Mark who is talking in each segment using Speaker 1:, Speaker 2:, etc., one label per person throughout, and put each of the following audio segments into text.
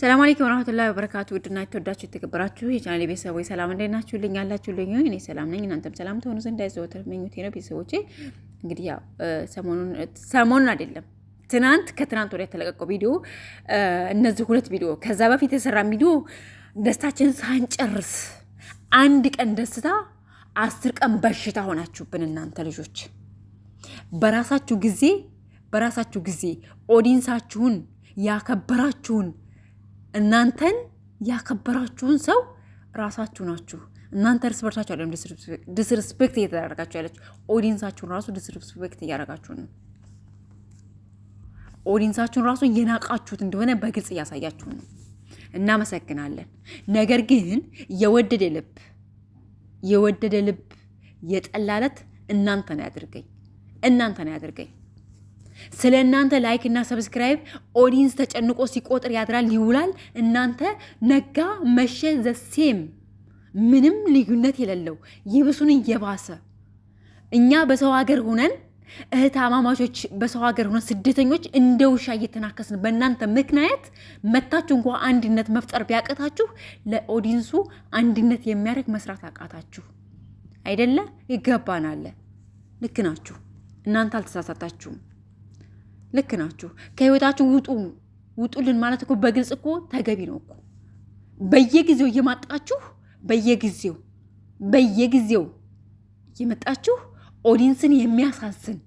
Speaker 1: ሰላም አለይኩም ወራህመቱላሂ ወበረካቱ። ውድና የተወዳችሁ የተከበራችሁ የቻናሌ ቤተሰቦች ሰላም እንዴት ናችሁ? ልኝ ያላችሁ ልኝ እኔ ሰላም ነኝ፣ እናንተም ሰላም ትሆኑ ዘንድ አይዘወትር ምኞቴ ነው። ቤተሰቦቼ እንግዲህ ያው ሰሞኑን ሰሞኑን አይደለም ትናንት ከትናንት ወዲያ የተለቀቀው ቪዲዮ እነዚህ ሁለት ቪዲዮ ከዛ በፊት የተሰራ ቪዲዮ ደስታችን ሳንጨርስ አንድ ቀን ደስታ አስር ቀን በሽታ ሆናችሁብን እናንተ ልጆች በራሳችሁ ጊዜ በራሳችሁ ጊዜ ኦዲንሳችሁን ያከበራችሁን እናንተን ያከበራችሁን ሰው ራሳችሁ ናችሁ። እናንተ እርስ በርሳችሁ አለም ዲስሪስፔክት እየተደረጋችሁ ያለች ኦዲንሳችሁን ራሱ ዲስሪስፔክት እያደረጋችሁ ነው። ኦዲንሳችሁን ራሱ የናቃችሁት እንደሆነ በግልጽ እያሳያችሁ ነው። እናመሰግናለን። ነገር ግን የወደደ ልብ የወደደ ልብ የጠላለት እናንተ ነው ያድርገኝ እናንተ ነው ያድርገኝ ስለ እናንተ ላይክ እና ሰብስክራይብ ኦዲንስ ተጨንቆ ሲቆጥር ያድራል ይውላል። እናንተ ነጋ መሸ ዘሴም ምንም ልዩነት የሌለው ይብሱን እየባሰ እኛ በሰው ሀገር ሆነን እህት አማማቾች በሰው ሀገር ሆነን ስደተኞች እንደ ውሻ እየተናከስን በእናንተ ምክንያት መታችሁ እንኳ አንድነት መፍጠር ቢያቀታችሁ ለኦዲንሱ አንድነት የሚያደርግ መስራት አቃታችሁ አይደለ? ይገባናል። ልክ ናችሁ። እናንተ አልተሳሳታችሁም። ልክ ናችሁ። ከህይወታችሁ ውጡ ውጡልን ማለት እኮ በግልጽ እኮ ተገቢ ነው እኮ በየጊዜው እየማጣችሁ በየጊዜው በየጊዜው እየመጣችሁ ኦዲንስን የሚያሳዝን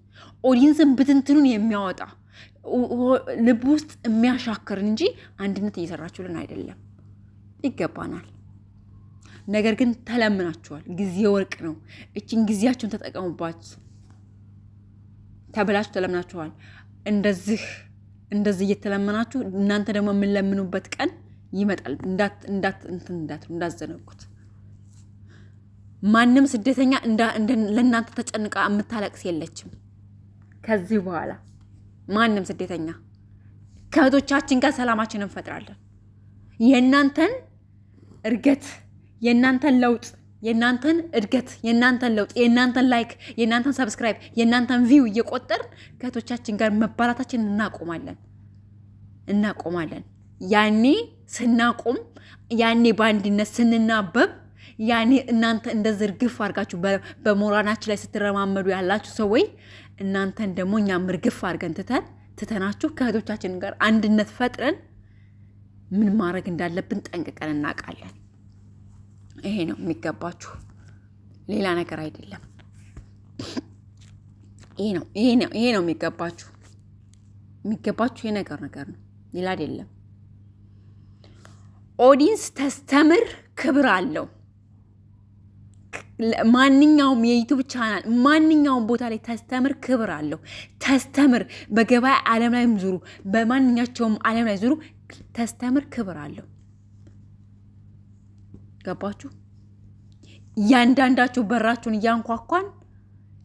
Speaker 1: ኦዲንስን ብትንትኑን የሚያወጣ ልብ ውስጥ የሚያሻክርን እንጂ አንድነት እየሰራችሁልን አይደለም። ይገባናል። ነገር ግን ተለምናችኋል። ጊዜ ወርቅ ነው። እችን ጊዜያችሁን ተጠቀሙባት ተብላችሁ ተለምናችኋል። እንደዚህ እንደዚህ እየተለመናችሁ እናንተ ደግሞ የምንለምኑበት ቀን ይመጣል። እንትን እንዳትሉ እንዳዘነጉት። ማንም ስደተኛ ለእናንተ ተጨንቃ የምታለቅስ የለችም። ከዚህ በኋላ ማንም ስደተኛ ከእህቶቻችን ጋር ሰላማችን እንፈጥራለን። የእናንተን እርገት የእናንተን ለውጥ የእናንተን እድገት የእናንተን ለውጥ የእናንተን ላይክ የእናንተን ሰብስክራይብ የእናንተን ቪው እየቆጠር ከእህቶቻችን ጋር መባላታችን እናቆማለን እናቆማለን። ያኔ ስናቆም፣ ያኔ በአንድነት ስንናበብ፣ ያኔ እናንተ እንደዚህ ዝርግፍ አድርጋችሁ በሞራናች ላይ ስትረማመዱ ያላችሁ ሰዎች እናንተን ደግሞ እኛም እርግፍ አድርገን ትተን ትተናችሁ ከእህቶቻችን ጋር አንድነት ፈጥረን ምን ማድረግ እንዳለብን ጠንቅቀን እናውቃለን። ይሄ ነው የሚገባችሁ፣ ሌላ ነገር አይደለም። ይሄ ነው ይሄ ነው የሚገባችሁ የሚገባችሁ የነገር ነገር ነው፣ ሌላ አይደለም። ኦዲንስ ተስተምር ክብር አለው። ማንኛውም የዩቱብ ቻናል ማንኛውም ቦታ ላይ ተስተምር ክብር አለው። ተስተምር በገበያ ዓለም ላይም ዙሩ፣ በማንኛቸውም ዓለም ላይ ዙሩ፣ ተስተምር ክብር አለው። ገባችሁ? እያንዳንዳችሁ በራችሁን እያንኳኳን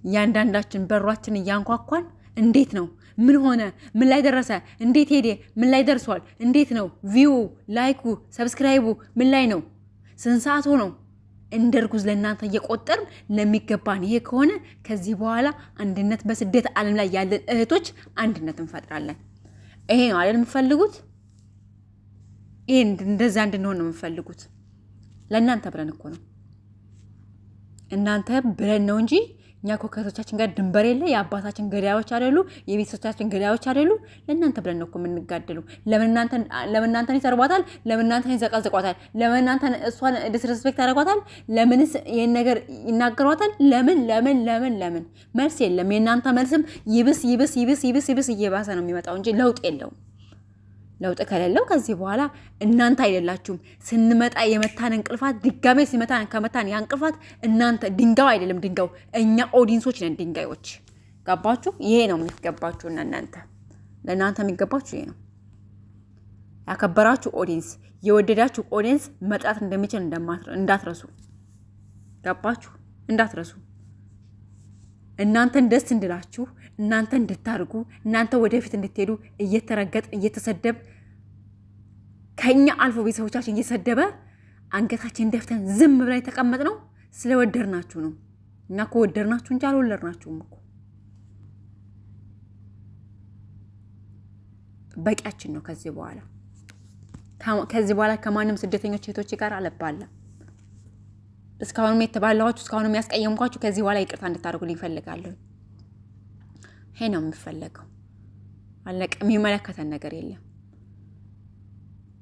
Speaker 1: እያንዳንዳችን በሯችን እያንኳኳን እንዴት ነው? ምን ሆነ? ምን ላይ ደረሰ? እንዴት ሄደ? ምን ላይ ደርሷል? እንዴት ነው? ቪው፣ ላይኩ፣ ሰብስክራይቡ ምን ላይ ነው? ስንት ሰዓቱ ነው? እንደ እርጉዝ ለእናንተ እየቆጠርን ለሚገባን ይሄ ከሆነ ከዚህ በኋላ አንድነት በስደት ዓለም ላይ ያለን እህቶች አንድነት እንፈጥራለን። ይሄ ነው አይደል የምፈልጉት? ይሄ እንደዛ እንድንሆን ነው የምፈልጉት። ለእናንተ ብለን እኮ ነው እናንተ ብለን ነው እንጂ እኛ እኮ ከእህቶቻችን ጋር ድንበር የለ። የአባታችን ገዳዮች አይደሉ፣ የቤተሰቦቻችን ገዳዮች አይደሉ። ለእናንተ ብለን ነው እኮ የምንጋደሉ። ለምን እናንተን ይሰርቧታል? ለምን እናንተን ይዘቀዝቋታል? ለምን እናንተን እሷን ዲስሬስፔክት ያደርጓታል? ለምንስ ይህን ነገር ይናገሯታል? ለምን ለምን ለምን ለምን? መልስ የለም። የእናንተ መልስም ይብስ ይብስ ይብስ ይብስ ይብስ እየባሰ ነው የሚመጣው እንጂ ለውጥ የለውም። ለውጥ ከሌለው ከዚህ በኋላ እናንተ አይደላችሁም። ስንመጣ የመታን እንቅልፋት ድጋሜ ሲመታን ከመታን ያ እንቅልፋት እናንተ ድንጋው አይደለም ድንጋው እኛ ኦዲንሶች ነን ድንጋዮች። ገባችሁ? ይሄ ነው የሚገባችሁ እናንተ ለእናንተ የሚገባችሁ ይሄ ነው። ያከበራችሁ ኦዲንስ፣ የወደዳችሁ ኦዲንስ መጣት እንደሚችል እንዳትረሱ። ገባችሁ? እንዳትረሱ እናንተን ደስ እንድላችሁ እናንተ እንድታርጉ እናንተ ወደፊት እንድትሄዱ እየተረገጥ እየተሰደብ ከኛ አልፎ ቤተሰቦቻችን እየሰደበ አንገታችን ደፍተን ዝም ብለን የተቀመጥነው ስለወደድናችሁ ነው። እና እኮ ወደድናችሁ እንጂ አልወለድናችሁም እኮ በቂያችን ነው። ከዚህ በኋላ ከዚህ በኋላ ከማንም ስደተኞች ሴቶች ጋር አለባለም እስካሁንም የተባላኋችሁ እስካሁንም ያስቀየምኳችሁ ከዚህ በኋላ ይቅርታ እንድታደርጉ ይፈልጋለሁ። ይሄ ነው የሚፈለገው። አለቀ። የሚመለከተን ነገር የለም፣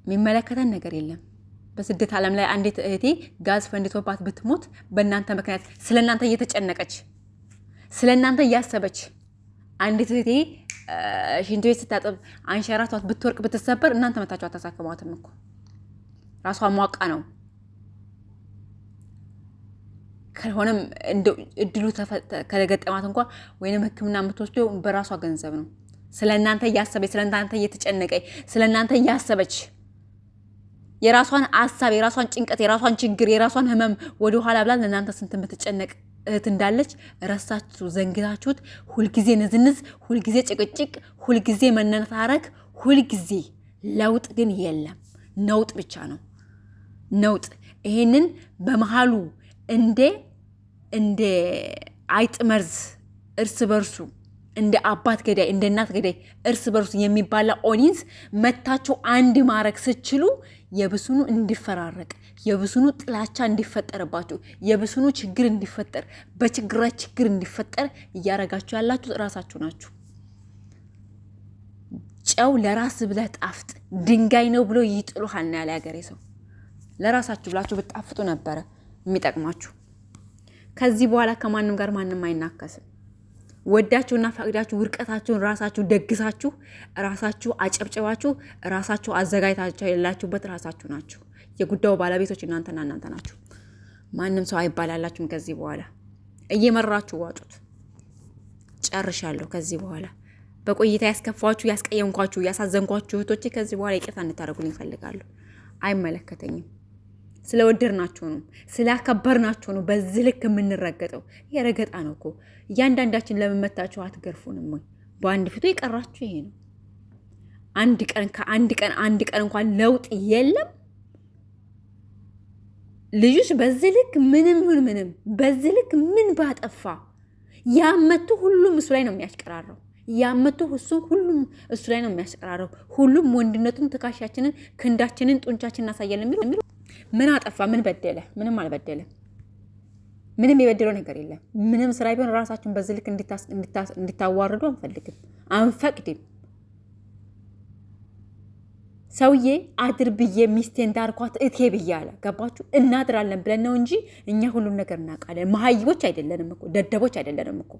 Speaker 1: የሚመለከተን ነገር የለም። በስደት ዓለም ላይ አንዲት እህቴ ጋዝ ፈንድቶባት ብትሞት በእናንተ ምክንያት ስለ እናንተ እየተጨነቀች ስለ እናንተ እያሰበች አንዲት እህቴ ሽንት ቤት ስታጠብ አንሸራቷት ብትወርቅ ብትሰበር እናንተ መታችኋት አታሳክሟትም እኮ ራሷ ሟቃ ነው ከሆነም እድሉ ከገጠማት እንኳ ወይንም ህክምና የምትወስደው በራሷ ገንዘብ ነው። ስለ እናንተ እያሰበች፣ ስለ እናንተ እየተጨነቀች፣ ስለ እናንተ እያሰበች የራሷን ሀሳብ፣ የራሷን ጭንቀት፣ የራሷን ችግር፣ የራሷን ህመም ወደኋላ ብላ ለእናንተ ስንት የምትጨነቅ እህት እንዳለች ረሳችሁ፣ ዘንግታችሁት። ሁልጊዜ ንዝንዝ፣ ሁልጊዜ ጭቅጭቅ፣ ሁልጊዜ መነታረክ፣ ሁልጊዜ ለውጥ ግን የለም። ነውጥ ብቻ ነው ነውጥ። ይሄንን በመሃሉ እንደ እንደ አይጥ መርዝ እርስ በርሱ እንደ አባት ገዳይ እንደ እናት ገዳይ እርስ በርሱ የሚባላ ኦዲንስ መታቸው አንድ ማድረግ ስችሉ የብሱኑ እንዲፈራረቅ የብሱኑ ጥላቻ እንዲፈጠርባችሁ የብሱኑ ችግር እንዲፈጠር በችግራ ችግር እንዲፈጠር እያረጋችሁ ያላችሁ ራሳችሁ ናችሁ። ጨው ለራስ ብለህ ጣፍጥ ድንጋይ ነው ብሎ ይጥሉሃል ያለ ሀገሬ ሰው ለራሳችሁ ብላችሁ ብጣፍጡ ነበረ። የሚጠቅማችሁ። ከዚህ በኋላ ከማንም ጋር ማንም አይናከስም። ወዳችሁና ፈቅዳችሁ ውድቀታችሁን ራሳችሁ ደግሳችሁ ራሳችሁ አጨብጨባችሁ ራሳችሁ አዘጋጅታችሁ የሌላችሁበት ራሳችሁ ናችሁ። የጉዳዩ ባለቤቶች እናንተና እናንተ ናችሁ። ማንም ሰው አይባላላችሁም። ከዚህ በኋላ እየመራችሁ ዋጡት። ጨርሻለሁ። ከዚህ በኋላ በቆይታ ያስከፋችሁ፣ ያስቀየምኳችሁ፣ ያሳዘንኳችሁ እህቶቼ ከዚህ በኋላ ይቅርታ እንድታደርጉልኝ እፈልጋለሁ። አይመለከተኝም። ስለወደድናቸው ነው፣ ስላከበርናቸው ነው በዚህ ልክ የምንረገጠው። የረገጣ ነው እኮ እያንዳንዳችን። ለመመታቸው አትገርፉንም ወይ? በአንድ ፊቱ የቀራችሁ ይሄ ነው። አንድ ቀን ከአንድ ቀን አንድ ቀን እንኳን ለውጥ የለም። ልጆች በዚህ ልክ ምንም ይሁን ምንም፣ በዚህ ልክ ምን ባጠፋ ያመቱ ሁሉም እሱ ላይ ነው የሚያስቀራረው። ያመቱ እሱም ሁሉም እሱ ላይ ነው የሚያስቀራረው። ሁሉም ወንድነቱን፣ ትከሻችንን፣ ክንዳችንን፣ ጡንቻችንን እናሳያለን የሚሉ ምን አጠፋ? ምን በደለ? ምንም አልበደለም። ምንም የበደለው ነገር የለም። ምንም ስራ ቢሆን ራሳችሁን በዚህ ልክ እንድታዋርዱ አንፈልግም፣ አንፈቅድም። ሰውዬ አድር ብዬ ሚስቴ እንዳርኳት እቴ ብዬ አለ። ገባችሁ? እናድራለን ብለን ነው እንጂ እኛ ሁሉም ነገር እናውቃለን። መሀይቦች አይደለንም እኮ ደደቦች አይደለንም እኮ